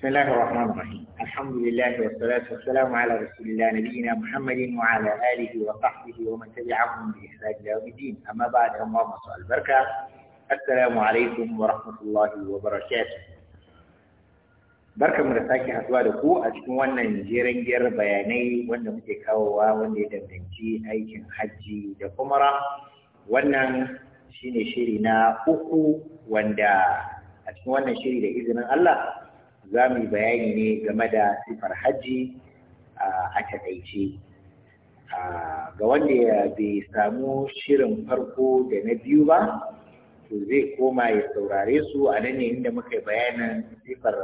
بسم الله الرحمن الرحيم الحمد لله والصلاة والسلام على رسول الله نبينا محمد وعلى آله وصحبه ومن تبعهم بإحسان إلى يوم الدين أما بعد اللهم صل البركة السلام عليكم ورحمة الله وبركاته barka mu da sake haduwa da ku a cikin wannan jeren giyar bayanai wanda muke kawowa wanda ya danganci aikin hajji da kumara wannan shine shiri na uku wanda a cikin wannan shiri da izinin Allah za mu bayani ne game da sifar hajji a taƙaice ga wanda ya bai samu shirin farko da na biyu ba to zai koma ya saurare su a nan ne inda muka yi bayanin sifar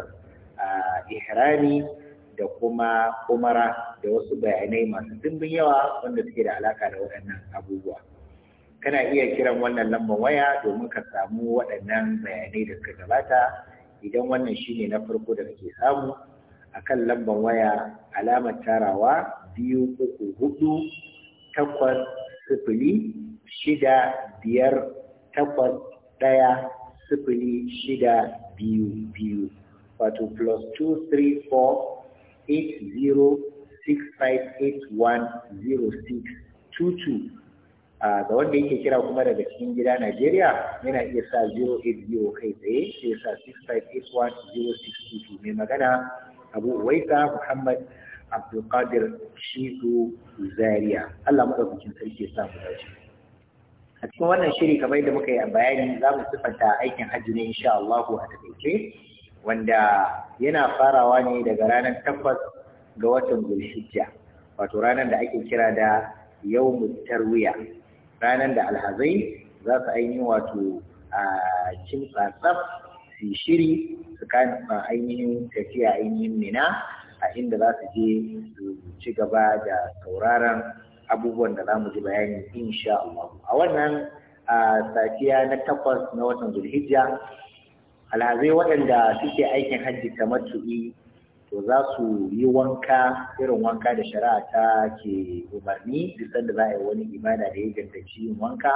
ihrami da kuma umara da wasu bayanai masu dimbin yawa wanda suke da alaka da waɗannan abubuwa kana iya kiran wannan lambar waya domin ka samu waɗannan bayanai da suka gabata idan wannan shine na farko da kake samu akan lambar waya alamar tarawa biyu uku hudu takwas sifili shida biyar takwas ɗaya sifili shida biyu biyu wato plus two three four eight zero six five eight one zero six two two ga wanda yake kira kuma daga cikin gida Najeriya yana iya sa 080 kai tsaye sai ya sa 6581062 mai magana Abu Uwaisa Muhammad Abdulkadir Shizu Zaria Allah madaukakin sarki ya sa mu dace a cikin wannan shiri kamar yadda muka yi a bayani za mu sifanta aikin hajji ne insha Allah a takaice wanda yana farawa ne daga ranar takwas ga watan Zulhijja wato ranar da ake kira da 'Yau mu tarwiya ranar da alhazai za su ainihin wato a cin tsatsaf su shiri su kan ainihin tafiya ainihin mina a inda za su je su ci gaba da sauraron abubuwan da za mu ji bayani insha Allah a wannan safiya na takwas na watan zulhijja alhazai waɗanda suke aikin hajji matu'i to za su yi wanka irin wanka da shari'a ta ke umarni duk da za a yi wani ibada da ya danganci yin wanka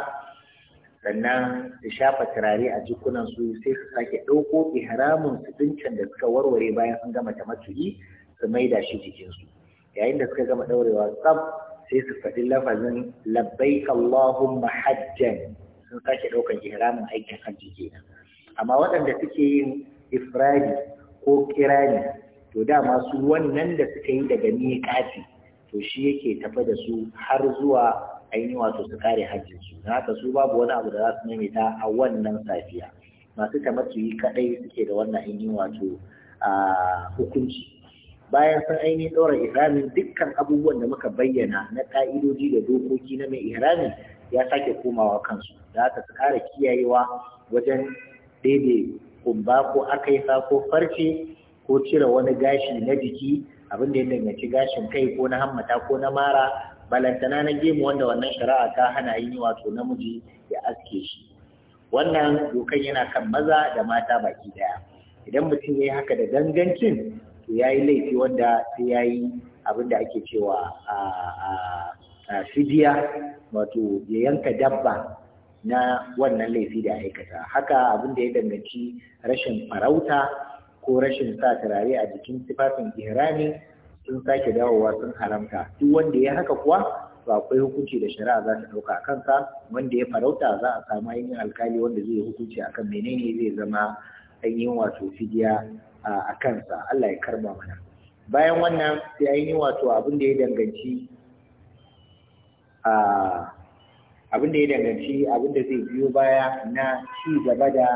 sannan su shafa turare a jikunan su sai su sake ɗauko ihramin su dincan da suka warware bayan sun gama tamattu'i su da shi jikinsu yayin da suka gama ɗaurewa tsaf sai su faɗi lafazin labbai Allahumma hajjan sun sake ɗaukan ihramin aikin hajji kenan amma waɗanda suke yin ifradi ko kirani to dama su wannan da suka yi daga miƙati to shi yake tafa da su har zuwa ainihin wato su kare su. na haka su babu wani abu da za su ta a wannan safiya masu yi kaɗai suke da wannan ainihin wato hukunci bayan sun ainihin ɗora ihramin dukkan abubuwan da muka bayyana na ƙa'idoji da dokoki na mai ihrami ya sake komawa kansu da haka su kara kiyayewa wajen daidai kumba ko akaifa ko farce ko cire wani gashi na jiki abinda ya danganci gashin kai ko na hammata ko na mara balantana na gemu wanda wannan shari'a ta hana yi wato namiji ya aske shi wannan dokan yana kan maza da mata baki daya idan mutum ya yi haka da gangancin to ya yi laifi wanda sai ya yi abin da ake cewa a fidiya wato ya yanka dabba na wannan laifi da aikata haka abin da ya danganci rashin farauta ko rashin sa turare a jikin tufafin ihrami sun sake dawowa sun haramta duk wanda ya haka kuwa ba akwai hukunci da shari'a za ta dauka a kansa wanda ya farauta za a samu yin alkali wanda zai hukunci akan menene zai zama ainihin wato fidiya a kansa Allah ya karba mana bayan wannan sai ainihin wato abin da ya danganci abin da ya danganci abin da zai biyo baya na ci gaba da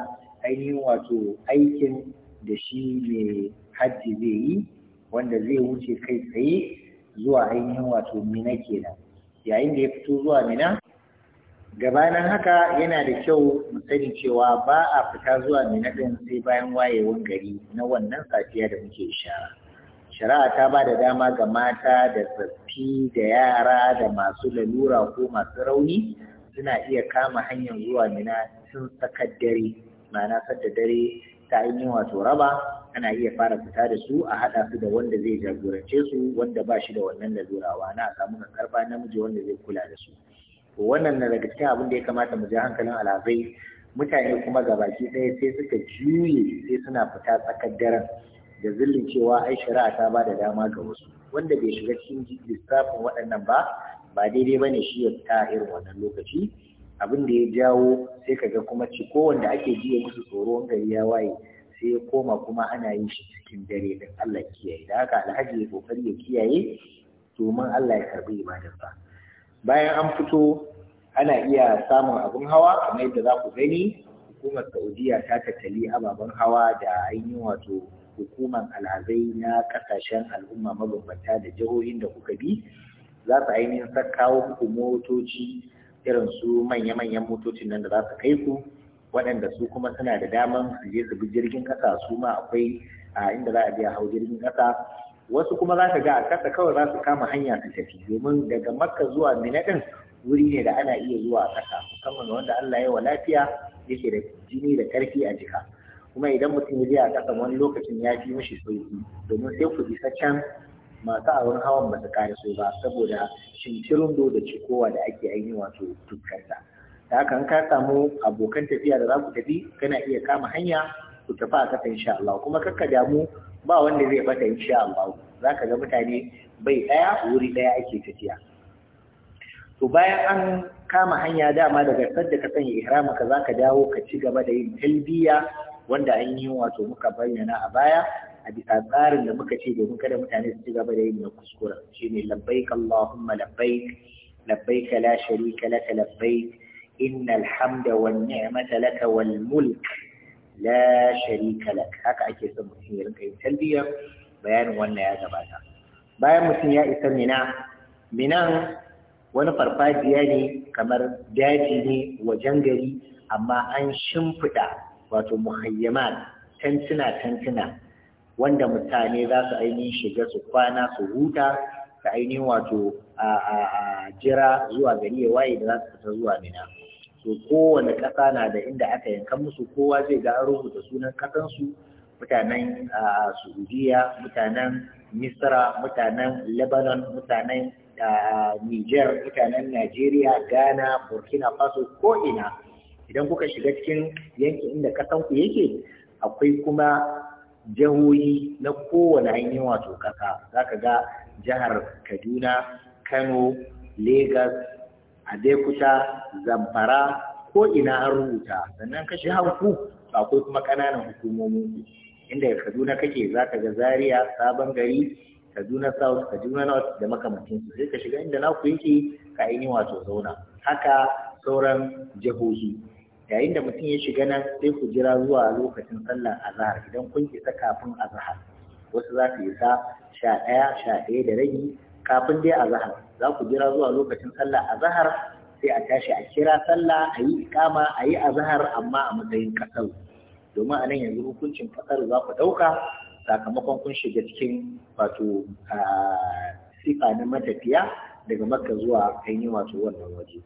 ainihin wato aikin da shi ne hajji zai yi wanda zai wuce kai tsaye zuwa ainihin wato mina kenan yayin da ya fito zuwa mina gabanin haka yana da kyau mu sani cewa ba a fita zuwa mina din sai bayan wayewan gari na wannan safiya da muke shara. shari'a ta ba da dama ga mata da tsaffi da yara da masu lalura ko masu rauni suna iya kama hanyar zuwa mina sun tsakar dare ma'ana sadda dare ta ainihin wato raba ana iya fara fita da su a haɗa su da wanda zai jagorance su wanda ba shi da wannan lalurawa na samu karba namiji wanda zai kula da su to wannan na daga cikin abin da ya kamata mu ji hankalin alhazai mutane kuma ga baki ɗaya sai suka juye sai suna fita tsakar daren da zillin cewa ai shari'a ta ba da dama ga wasu wanda bai shiga cikin lissafin waɗannan ba ba daidai bane shi ya fita irin wannan lokaci abin da ya jawo sai ka ga kuma ci wanda ake jiya musu tsoron gari ya waye sai ya koma kuma ana yin shi cikin dare da Allah kiyaye da haka alhaji ya kokari ya kiyaye domin Allah ya karbi ibadarsa bayan an fito ana iya samun abin hawa kamar yadda za ku gani hukumar Saudiya ta tattali ababen hawa da ainihin wato hukumar al'azai na kasashen al'umma mabambanta da jihohin da kuka bi za su ainihin sakawo muku motoci irin su manya-manyan motocin nan da za su kai ku waɗanda su kuma suna da daman su je su bi jirgin ƙasa su ma akwai a inda za a je hau jirgin ƙasa wasu kuma za ka ga a ƙasa kawai za su kama hanya su tafi domin daga makka zuwa mina ɗin wuri ne da ana iya zuwa a ƙasa musamman wanda Allah ya wa lafiya yake da jini da ƙarfi a jika kuma idan mutum ya je a ƙasa wani lokacin ya fi mishi sauki domin sai ku isa can masu auren hawan ba su kare su ba saboda shinkirin do da cikowa da ake ainihin wato tukkarta da haka ka samu abokan tafiya da za ku tafi kana iya kama hanya ku tafi a kasa insha Allah kuma kakka damu ba wanda zai bata insha Allah za ka ga mutane bai ɗaya wuri ɗaya ake tafiya to bayan an kama hanya dama daga sadda ka sanya ihrama ka za ka dawo ka ci gaba da yin talbiya wanda an yi wato muka bayyana a baya a tsarin da muka ce domin kada mutane su ci gaba da yin na kuskura shine labbaik Allahumma labbaik labbaik la sharika laka labbaik innal hamda wan ni'mata laka wal mulk la sharika lak haka ake son mutum ya rinka yin talbiya bayanin wannan ya gabata bayan mutum ya isa mina minan wani farfajiya ne kamar daji ne wajen gari amma an shimfiɗa wato muhayyaman tantuna tantuna wanda mutane za su ainihin shiga su kwana su huta su ainihin wato a jira zuwa gari ya waye da za su fita zuwa mina to kowane ƙasa na da inda aka yanka musu kowa zai ga an rubuta sunan ƙasansu mutanen saudiya mutanen misra mutanen lebanon mutanen niger mutanen Najeriya, ghana burkina faso ko ina idan kuka shiga cikin yankin inda ƙasanku yake akwai kuma jihohi na kowane ainihin wato kasa za ka ga jihar kaduna kano lagos Adekuta, Zamfara ko ina an rubuta sannan kashi hanku akwai kuma ƙananan hukumomi inda Kaduna kake za ka ga Zaria, Sabon Gari, Kaduna South, Kaduna North da makamancin sai ka shiga inda naku yake ka ainihin wato zauna haka sauran jihohi yayin da mutum ya shiga nan sai ku jira zuwa lokacin sallar azhar idan kun isa kafin azhar wasu za su isa sha ɗaya sha ɗaya da ragi kafin dai azhar za ku jira zuwa lokacin sallar azhar sai a tashi a kira sallah a yi ikama a yi azhar amma a matsayin kasar domin a nan yanzu hukuncin kasar za ku ɗauka sakamakon kun shiga cikin wato sifa na matafiya daga makka zuwa yi wato wannan waje.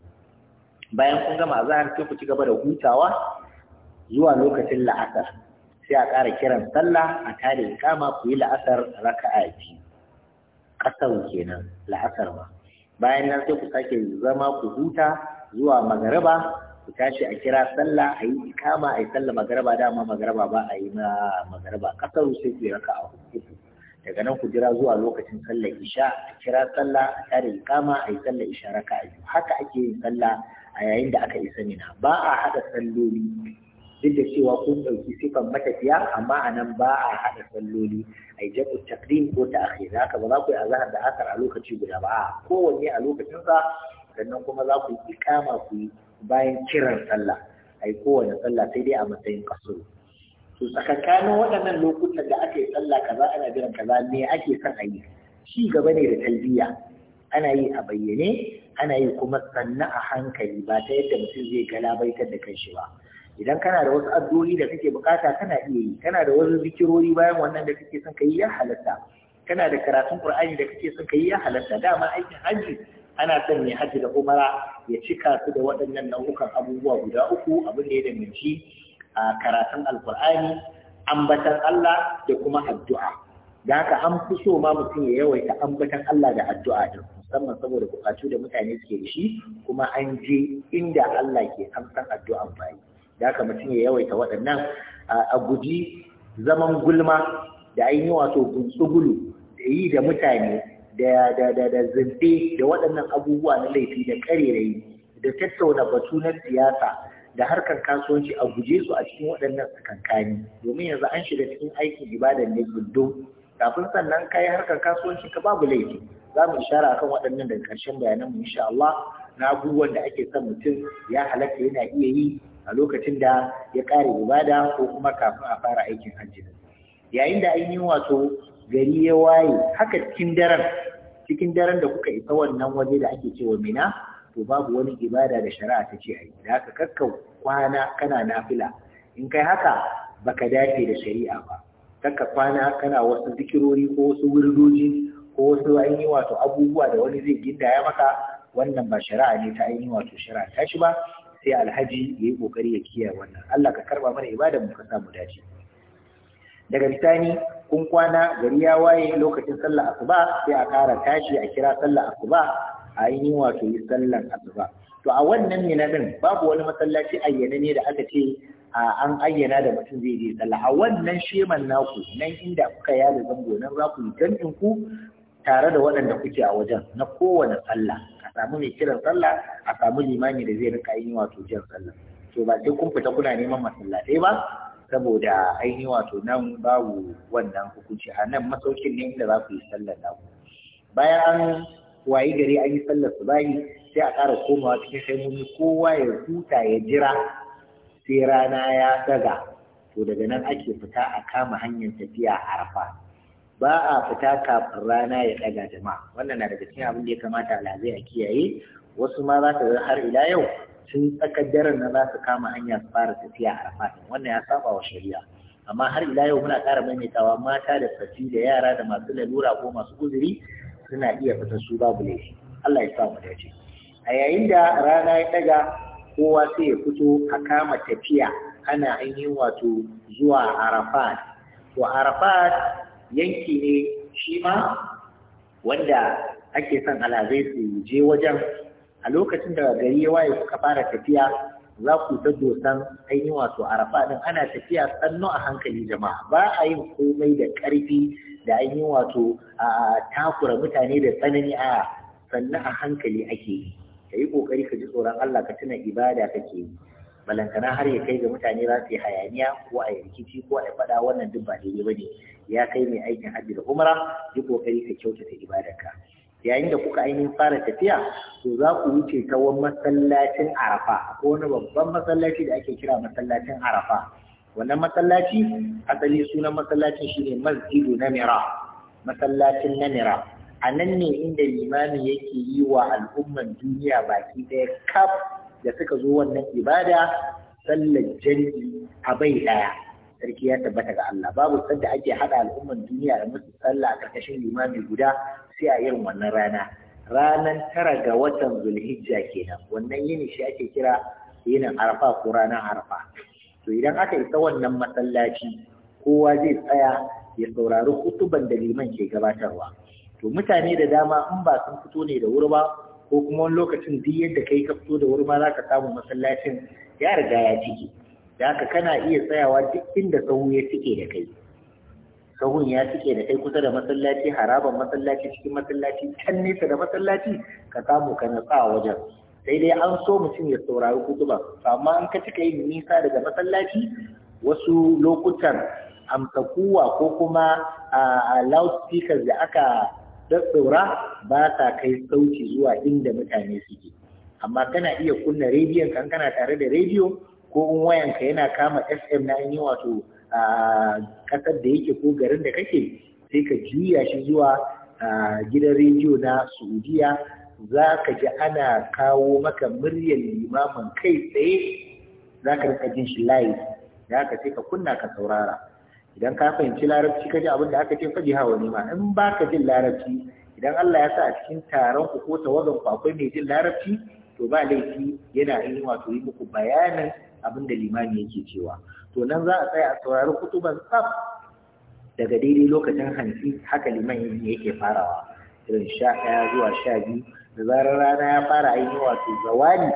bayan kun gama azahar sai ku ci gaba da hutawa zuwa lokacin la'asar sai a ƙara kiran sallah a tare kama ku yi la'asar raka'a ji ƙasar kenan la'asar ba bayan nan sai ku sake zama ku huta zuwa magaraba ku tashi a kira sallah a yi ikama a yi sallah magaraba dama magaraba ba a yi magaraba ƙasar sai ku yi raka'a hutu daga nan ku jira zuwa lokacin sallar isha a kira sallah a tare kama a yi sallar isha raka'a biyu haka ake yin sallah a yayin da aka isa mina ba a haɗa salloli duk da cewa kun ɗauki sifan matafiya amma a nan ba a haɗa salloli a yi jamus takrim ko ta akhir haka ba za ku yi azahar da asar a lokaci guda ba a kowanne a lokacinsa sannan kuma za ku yi ikama ku yi bayan kiran sallah a yi kowane sallah sai dai a matsayin kasuru to tsakakanin waɗannan lokutan da aka yi sallah kaza ana jiran kaza me ake son a yi ci gaba ne da talbiya ana yi a bayyane ana yi kuma sanna a hankali ba ta yadda mutum zai galabaitar da kanshi ba idan kana da wasu addu'o'i da kake bukata kana iya yi kana da wasu zikirori bayan wannan da kake son kai ya halatta kana da karatun qur'ani da kake son kai ya halatta dama aikin hajji ana son mai hajji da umara ya cika su da waɗannan nau'ukan abubuwa guda uku abin da ya danganci a karatun alqur'ani ambatan Allah da kuma addu'a da haka an fi so ma mutum ya yawaita ambatan Allah da addu'a din musamman saboda bukatu da mutane suke da shi kuma an je inda Allah ke amsan addu'a bai da haka mutum ya yawaita waɗannan a guji zaman gulma da yi wato guntsugulu da yi da mutane da da da da da waɗannan abubuwa na laifi da karerayi da tattauna batu na siyasa da harkar kasuwanci a guje su a cikin waɗannan tsakankani domin yanzu an shiga cikin aikin ibadan ne gudun. kafin sannan ka yi harkar kasuwanci ka babu laifi za mu ishara kan waɗannan daga ƙarshen bayanan mu insha Allah na abubuwan da ake son mutum ya halatta yana iya yi a lokacin da ya ƙare ibada ko kuma kafin a fara aikin hajji yayin da an yi wato gari ya waye haka cikin daren cikin daren da kuka isa wannan waje da ake cewa mina to babu wani ibada da shari'a ta ce ai da haka kakka kwana kana nafila in kai haka baka dace da shari'a ba ka kwana kana wasu zikirori ko wasu wurdoji ko wasu ainihi wato abubuwa da wani zai gindaya maka wannan ba shari'a ne ta ainihi wato shari'a ta shi ba sai alhaji ya yi kokari ya kiyaye wannan Allah ka karba mana ibada mu ka samu dace daga bisani kun kwana gari ya waye lokacin sallar asuba sai a kara tashi a kira sallar asuba a ainihin wato yi sallar asuba to a wannan mina din babu wani masallaci ayyana ne da aka ce an ayyana da mutum zai je sallah a wannan sheman naku nan inda kuka yada zango nan za ku yi tantin ku tare da waɗanda kuke a wajen na kowane sallah a samu mai kiran sallah a samu limami da zai rika yin wato jan sallah to ba sai kun fita kuna neman masallatai ba saboda ainihi wato nan babu wannan hukunci a nan masaukin ne inda za ku yi sallar naku bayan an wayi gari an yi sallar subahi sai a ƙara komawa cikin haimumi kowa ya huta ya jira sai rana ya daga to daga nan ake fita a kama hanyar tafiya a arafa ba a fita kafin rana ya daga jama'a wannan na daga cikin abin da ya kamata a lazai a kiyaye wasu ma za ta ga har ila yau sun tsakar daren na za su kama hanya su fara tafiya a rafa wannan ya saba wa shari'a amma har ila yau muna ƙara maimaitawa mata da tsaffi da yara da masu lalura ko masu uzuri suna iya fita su babu laifi Allah ya sa mu dace a yayin da rana ya daga kowa sai ya fito a kama tafiya ana ainihin wato zuwa arafat to arafat yanki ne shi ma wanda ake son alazai su je wajen a lokacin da gari ya waye kuka fara tafiya za ku ta dosan ainihin wato arafa din ana tafiya sannu a hankali jama'a ba a yin komai da ƙarfi da ainihin wato a takura mutane da tsanani a sannu a hankali ake yi ka yi ƙoƙari ka ji tsoron Allah ka tuna ibada kake yi balantana har ya kai ga mutane za su yi hayaniya ko a yi rikici ko a yi faɗa wannan duk ba daidai ba ne ya kai mai aikin hajji da umara yi ƙoƙari ka kyautata ibadarka yayin da kuka ainihin fara tafiya to za ku wuce ta wani masallacin arafa ko wani babban masallaci da ake kira masallacin arafa wannan masallaci asali sunan masallacin shine masjidu namira masallacin namira a nan ne inda limami yake yi wa al'umman duniya baki ɗaya kaf da suka zo wannan ibada sallar jari a bai ɗaya sarki ya tabbata ga Allah babu sanda ake haɗa al'umman duniya da musu sallah a ƙarƙashin limami guda sai a irin wannan rana ranan tara ga watan zulhijja kenan wannan yini shi ake kira yinin arfa ko ranar arfa to idan aka isa wannan masallaci kowa zai tsaya ya saurari kutuban da liman ke gabatarwa to mutane da dama in ba sun fito ne da wuri ba ko kuma wani lokacin duk yadda kai ka fito da wuri ba za ka samu masallacin ya riga ya cike da haka kana iya tsayawa duk inda sahu ya cike da kai sahun ya cike da kai kusa da masallaci harabar masallaci cikin masallaci can nesa da masallaci ka samu ka na tsawa wajen sai dai an so mutum ya saurari kutuba amma in ka cika yin nisa daga masallaci wasu lokutan amsakuwa ko kuma a ah, ah, loudspeakers da aka tsora ba ta kai sauti zuwa inda mutane suke amma kana iya kunna rediyon kan kana tare da rediyo ko in wayanka yana kama fm na yi wato a ƙasar da yake ko garin da kake sai ka juya shi zuwa gidan rediyo na saudiya za ka ji ana kawo maka muryar limamin kai tsaye za ka rika jin shi layi da haka sai ka kunna ka saurara idan ka fahimci larabci ka ji abin da aka ce faɗi hawa ma in ba ka jin larabci idan Allah ya sa a cikin taron ku ko tawagan ku akwai mai jin larabci to ba laifi yana yi wato yi muku bayanin abin da limami yake cewa to nan za a tsaya a saurari kutuban tsaf daga daidai lokacin hansi haka liman yake farawa irin sha ɗaya zuwa sha biyu da zarar rana ya fara ainihin wato zawani,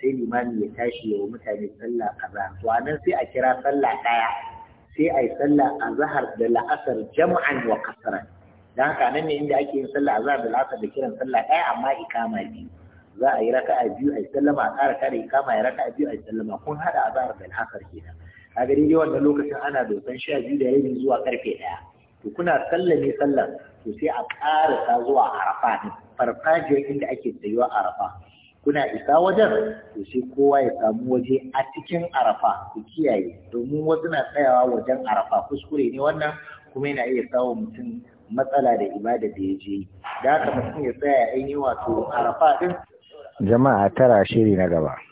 sai Limani ya tashi ya mutane sallah kaza to nan sai a kira sallah ɗaya sai a yi sallah a zahar da la'asar jam'an wa kasaran da haka nan ne inda ake yin sallah a zahar da la'asar da kiran sallah ɗaya amma ikama biyu za a yi a biyu a yi sallama a tsara kare ikama ya a biyu a yi sallama kun haɗa a zahar da la'asar kenan a gari dai wannan lokacin ana dokan sha biyu da rabi zuwa karfe ɗaya to kuna ne sallar to sai a ƙarasa zuwa arafa ne farfajiyar inda ake tsayuwa arafa kuna isa wajen to sai kowa ya samu waje a cikin arafa ku kiyaye domin wasu na tsayawa wajen arafa kuskure ne wannan kuma yana iya sawa mutum matsala da ibada da ya je da haka mutum ya tsaya ainihin wato arafa din jama'a tara shiri na gaba